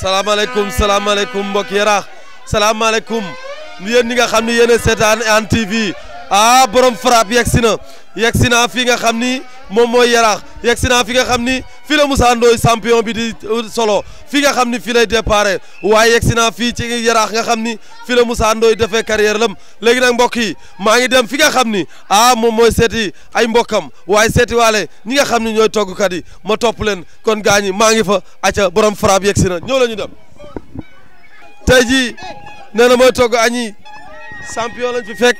salaamaaleykum salaamaaleykum mbokk yaraax salaamaaleykum yéen ñi nga xam ni yéen a seetaan Hann TV ah borom frapp yegg si na yegg si na fii nga xam ni Momo moy yarax yek sina fi nga xamni fi la Moussa Ndoye champion bi di uh, solo fi nga xamni fi lay déparé way yek sina fi ci yarax nga xamni fi la Moussa Ndoye defé carrière lam légui nak mbokk yi ma ngi dem fi nga xamni ah mom moy seeti ay mbokam way seeti walé ñi nga xamni ni togg kat yi ma top leen kon gañi ma ngi fa acca borom frappe yek sina na ñoo dem tay ji nee na togg añi champion lañ fi fekk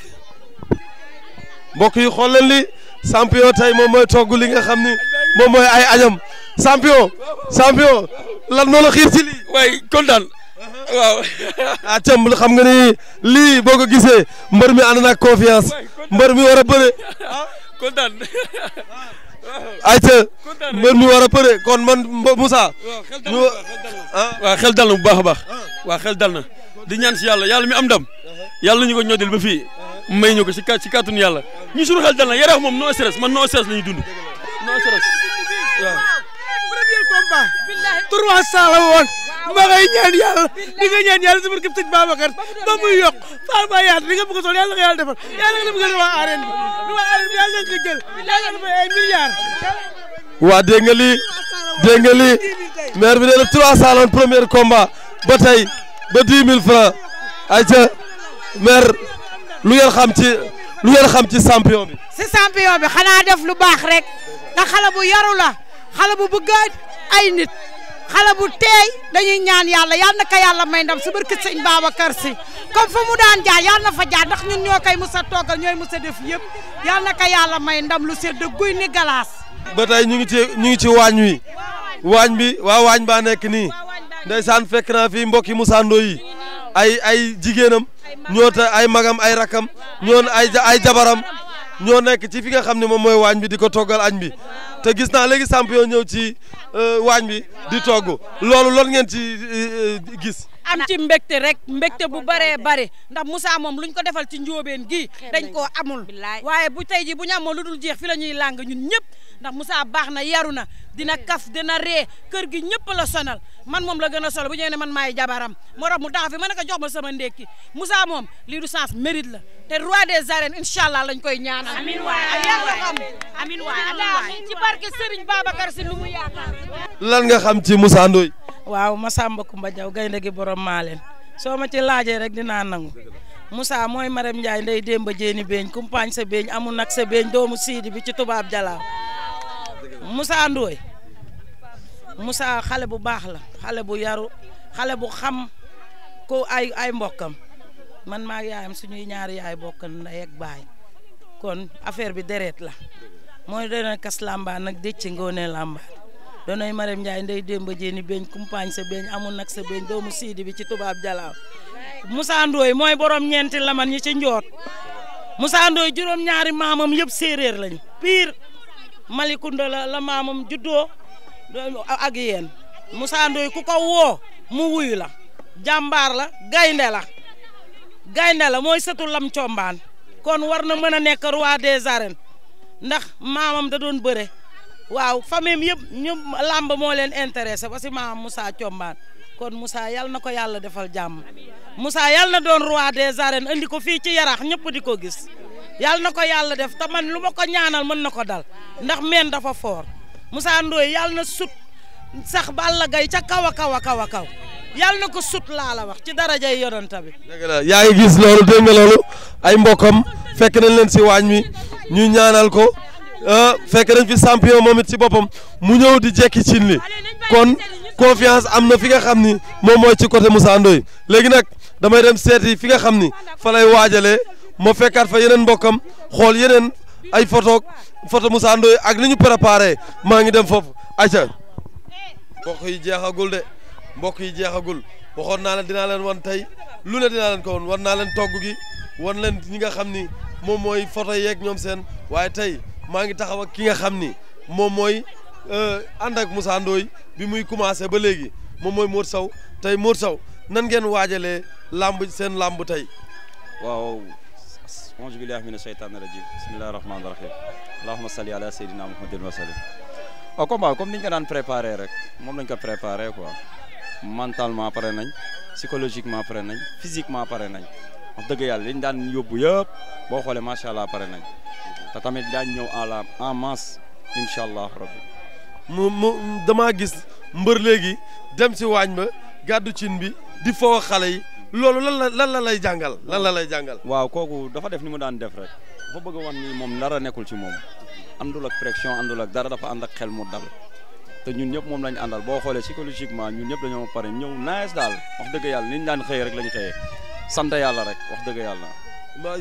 mbokk yi xol leen li champion tey moom mooy togg li nga xam ni moo mooy ay añam champion champion lan moo la xiir ci lii waaye kontaan uh-huh. waaw ah cam xam nga ni lii boo ko gisee mbër mi ànd naag confiance mbër mi war a bëre kontaan ayca mbër war a përe kon man Moussa waaw xel dal bu baax a baax uh-huh. waaw xel dal di ñaan si yàlla yàlla mi am ndam uh-huh. yàlla ñu ko ñodil ba fii may ñu ko si ci yàlla ñu suñu xel dal na Yaraax moom no stress man no stress la ñuy dund no trois cent la ñaan yàlla di nga ñaan yàlla si barkeb sëñ Babacar ba muy yokk faa ba a yàlla nga yàlla defal yàlla nga bëgg a defal arène bi du waa arène bi yàlla nga jël yàlla nga defal ay bi nee na trois cent la woon premier lu ngeen xam ci lu ngeen xam ci champion bi. si champion bi xanaa def lu baax rek ndax xale bu yaru la bu bëgg ay nit xale bu teey dañuy ñaan yàlla yal na yàlla may ndam si barke sëñ Babacar si comme fa mu daan jaar yal na fa jaar ndax ñun ñoo koy mos a ñooy mos def yëpp yal na yàlla may ndam lu sedd guy ni galaas. ba tey ñu ngi ci ñu ngi ci waañ wi waañ bi waa waañ baa nekk nii ndeysaan fekk naa fi mbokki Moussa Ndoye yi. ay ay jigéenam ñoo ta ay magam ay rakam ñoo ay ay jabaram ñoo nekk ci fi nga xam ne moom mooy waañ bi di ko toggal añ bi te gis naa léegi samp yoo ñëw ci euh, waañ bi di togg loolu loolu ngeen ci euh, gis am ci mbégte rek mbégte bu baree bare ndax Moussa moom luñ ko defal ci njóobeen gi dañ koo amul waaye bu tey ji bu ñu amoon lu dul jeex fi la ñuy làng ñun ñëpp ndax Moussa baax na yaru na dina kaf dina ree kër gi ñëpp la sonal man moom la gën a sol bu ñëwee ne man maay jabaram moo tax mu taxaw ma ne ko jox ma sama ndékki Moussa moom lii du sens mérite la te roi des arènes incha allah lañ koy ñaanal. amiin waay amiin waay amiin waay ci barke Serigne Babacar si lu mu yaakaar. lan nga xam ci Moussa waaw Masamba Kumba Jaw gaynde gi borom maa leen soo ma ci laajee rek dinaa nangu Moussa mooy Marème Ndiaye ndey démba jéeni beeñ kumpaañ sa beeñ amul nag sa beeñ doomu siidi bi ci tubaab jalaaw Moussa Ndoye musaa xale bu baax la xale bu yaru xale bu xam ku ay mbokkam man maag yaayam suñuy ñaari yaay bokk ndey ak baay kon affaire bi deret la mooy dana kas làmbaan nag décc ngoone làmbaan donay Marème ndjay ndey Demba jeni beñ kumpaañ sa beñ amul nak sa beñ doomu sidi bi ci tubab jalaaw musa ndoy moy borom ñenti laman ñi ci njoot musa ndoy juróom-ñaari mamam yeb séeréer lañ pire Malikunda la la maamam juddoo ak yeen musa ndoy ku ko wo mu wuyu la jambar la gaynde la gaynde la moy sëtu lam combaan kon warna meuna nek roi des arènes ndax mamam da doon waaw famille yëpp ñëpp làmb moo leen intéressé ba si maam Moussa Thiombane kon Moussa yal na ko yàlla defal jàmm Moussa yal na doon roi des arènes andi ko fii ci yaraax ñëpp di ko gis yal na ko yàlla def te man lu ma ko ñaanal mën na ko dal ndax meen dafa foor musa Ndoye yal na sut sax Balla Gaye ca kaw a kaw a kaw a kaw yal na ko sut laa la wax ci darajay yonent bi. dëgg la yaa ngi gis loolu dégg loolu ay mbokkam fekk nañ leen si waañ mi ñu ñaanal ko. Euh, fekk nañ fi champion moom it si boppam mu ñëw di jekki cin li kon confiance am na fi nga xam ni moom mooy ci côté Moussa Ndoye léegi nag damay dem seeti fi nga xam ni fa lay waajalee ma fekkaat fa yeneen mbokkam xool yeneen ay photo photo Moussa Ndoye ak li ñu préparé maa ngi dem foofu aca mbokk yi jeexagul de mbokk yi jeexagul waxoon naa leen dinaa leen wan tey lu ne dina leen ko wan wan naa leen togg gi wan leen ñi nga xam ni moom mooy photo yeeg ñoom seen waaye tey maa ngi taxaw ak ki nga xam ni moom mooy euh, ànd ak Moussa Ndoye bi muy commencé ba léegi moom mooy Mor Sow tey Mor Sow nan ngeen waajalee làmb seen làmb tey. waaw. auzu billahi mina sheytaani rajim bismillahi rahmaani rahim allahumma salli ala sayyidina muhammadin wa sallim waaw combat comme ni ñu ko daan préparer rek moom lañ ko préparé quoi mentalement pare nañ psychologiquement pare nañ physiquement pare nañ wax dëgg yàlla li ñu daan yóbbu yëpp boo xoolee macha allah pare nañ. ta tamit daañ ñew en en masse inshallah rabbi mu dama gis mbeur legi dem ci wañ ba gaddu bi di fo xalé yi lolu lan la lay jangal lan la lay jangal waaw koku dafa def ni mu daan def rek dafa bëgg a ni mom dara nekkul ci mom andul ak pression andul ak dara dafa and ak xel mu dal te ñun ñëpp mom lañ andal bo xolé psychologiquement ñun ñëpp dañoo paré ñew nice dal wax dëgg yalla niñ daan xey rek lañ xey sante yalla rek wax dëgg yalla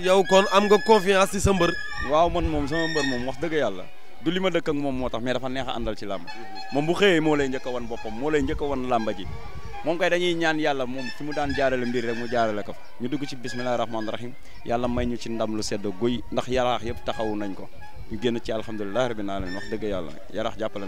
yow kon am nga confiance sa mbër. waaw man moom sama mbër moom wax dëgg yàlla du li ma dëkk ak moom moo tax mais dafa neex a àndal ci làmb mhm. moom bu xëyee moo lay njëkk a wan boppam moo lay njëkk a wan làmba moom kay dañuy ñaan yàlla moom fi mu daan jaarale mbir rek mu jaarale ko fa ñu dugg ci bismillahi rahmaani rahim yàlla may ñu ci ndam lu sedd guy ndax yaraax yëpp taxawu nañ ko ñu génn ci alhamdulilah rabbil alamin wax dëgg yàlla yaraax jàppale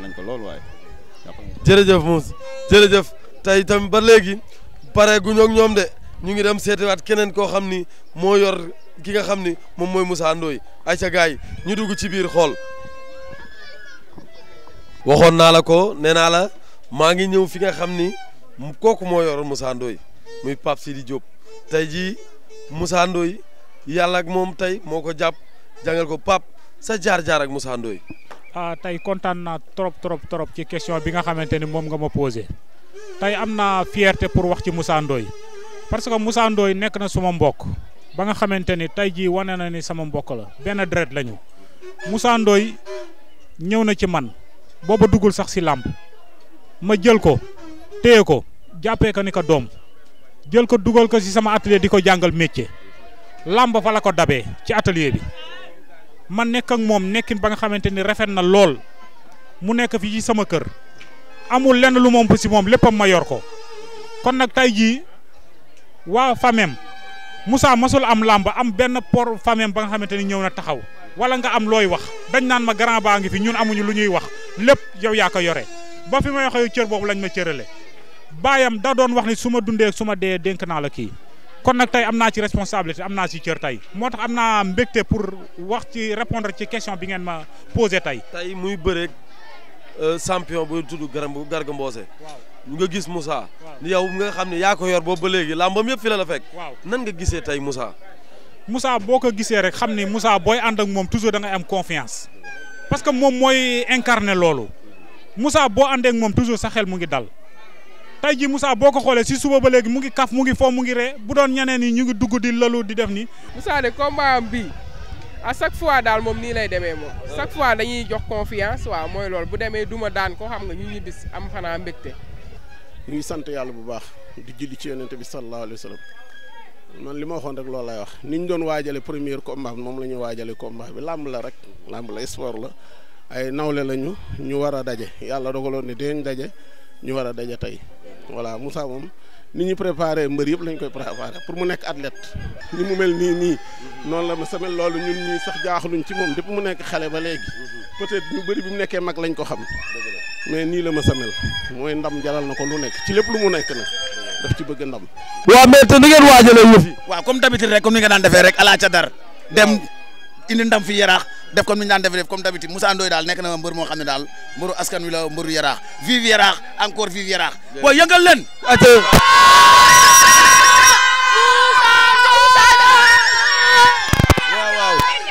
ñu ngi dem seetiwaat keneen koo xam ni moo yor ki nga xam ni moom mooy Moussa Ndoye ay ca gaay ñu dugg ci biir xool waxoon naa la ko nee naa la maa ngi ñëw fi nga xam ni kooku moo yor Moussa Ndoye muy Pape Sidi Diop tey jii Moussa Ndoye yàlla ak moom tey moo ko jàpp jàngal ko pap sa jaar-jaar ak Moussa Ndoye ah tey kontaan naa trop trop trop ci question bi nga xamante ni moom nga ma posé tey am naa fierté pour wax ci Moussa Ndoye parce que Moussa nekk na suma mbokk ba nga xamante ni tey jii wane na ni sama mbokk la benn deret lañu Moussa Ndoye ñëw na ci man boo booba duggul sax si làmb ma jël ko téye ko jàppee ko ni ko doom jël ko dugal ko si sama atelier di ko jàngal métier làmb fa la ko dabee ci atelier bi man nekk ak moom nekkin ba nga xamante ni rafet na lool mu nekk fii ci sama kër amul lenn lu moom bu si moom léppam ma yor ko kon nag tey jii waa famem Moussa masul am làmb am benn por famem ba nga xamante ni ñëw na taxaw wala nga am looy wax dañ naan ma grand baa ngi fi ñun amuñu lu ñuy wax lépp yow yaa ko yore ba fi ma waxee cër boobu lañ ma cërale baayam da doon wax ni su ma dundee su ma dee dénk naa la kii kon nag tey am naa ci responsabilité am naa ci cër tey moo tax am naa mbégte pour wax ci répondre ci question bi ngeen ma posé tey. muy bëreeg euh, champion bu tudd Garga Mbossé. nga gis Moussa. yow nga xam ya ko yor bo ba légui lambam yëpp fi la la fekk. nan nga gisee tay Moussa. Moussa boko ko rek xam Moussa boy and ak mom toujours da nga am confiance. parce que mom moy incarné lolu Moussa bo àndee ak mom toujours sa xel mu ngi dal. tay ji Moussa boko xolé xoolee si suba ba légui mu ngi kaf mu ngi fo mu ngi ré bu doon ñaneen ñi ñu ngi dugg di lalu di def ni Moussa de combat am bi à chaque fois dal mom ni lay démé moom. chaque fois dañuy jox confiance wa moy loolu bu démé duma daan ko xam nga ñu ñibbis am xanaa mbékté ñu sant yàlla bu baax di julli ci yonente bi sallallahu alayhi wa sallam man li ma waxoon rek loolu lay wax ni ñu doon waajale premier combat moom la ñu waajale combat bi làmb la rek làmb la sport la ay nawle lañu ñu war a daje yàlla dogaloon ne dinañ daje ñu war a daje tey voilà musaa moom ni ñu préparé mbër yëpp lañ koy préparé pour mu nekk athlète ni mu mel nii nii noonu la ma samel loolu ñun ñii sax jaaxluñ ci moom depuis mu nekk xale ba léegi mhm. peut-être ñu bëri bi mu mag lañ ko xam mais nii la ma samel mooy ndam jaral na ko lu nekk ci lépp lu mu nekk nag daf ci bëgg ndam. waaw mais te ni ngeen waajalee yëf yi. waaw comme d'habitude rek comme ni nga daan defee rek ala ca dem indi ndam fi yaraax def comme ni ñu daan defee comme d'habitude Moussa Ndoye daal nekk na mbër moo xam ne daal mbëru askan wi la mbëru yaraax vive yaraax encore vive yaraax. jërëjëf booy yëngal leen.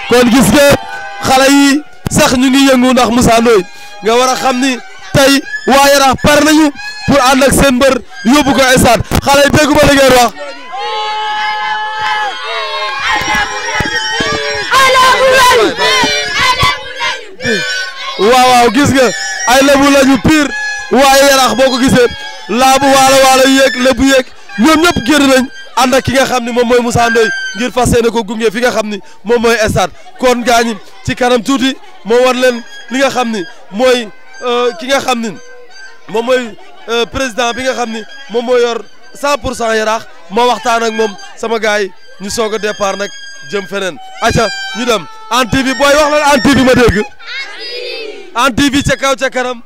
kon gis nga xale yi sax ñu ngi ndax Moussa Ndoye nga war a xam ni. tey waa Yaraax pare nañu pour ànd seen mbër yóbbu ko stade xale yi déggu ma li ngeen wax. waaw gis nga ay lebu lañu pire waaye yaraax boo ko gisee laabu waalo waalo yéeg lebu yéeg ñoom ñëpp génn nañ ànd ak ki nga xam ni moom mooy Moussa Ndoye ngir fas yéene ko gunge fi nga xam ni moom mooy stade kon gaañi ci kanam tuuti moo war leen li nga xam ni mooy. Euh, ki nga xam ni moom mooy euh, président bi nga xam ni moom moo yor 100 pour cent yaraax ma waxtaan ak moom sama gars yi ñu soog a départ nag jëm feneen acca ñu dem Hann TV booy wax la Hann TV ma dégg. Hann TV ca kaw ca TV ca kaw ca kanam.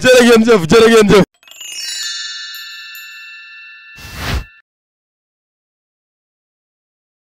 jërë ngeen jëf jërë